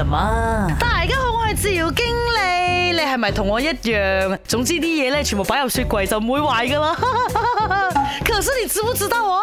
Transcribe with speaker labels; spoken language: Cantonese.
Speaker 1: 什麼大家好，我係自由經理，你係咪同我一樣？總之啲嘢全部擺入雪櫃就唔會壞㗎喇 可是你知唔知道哦？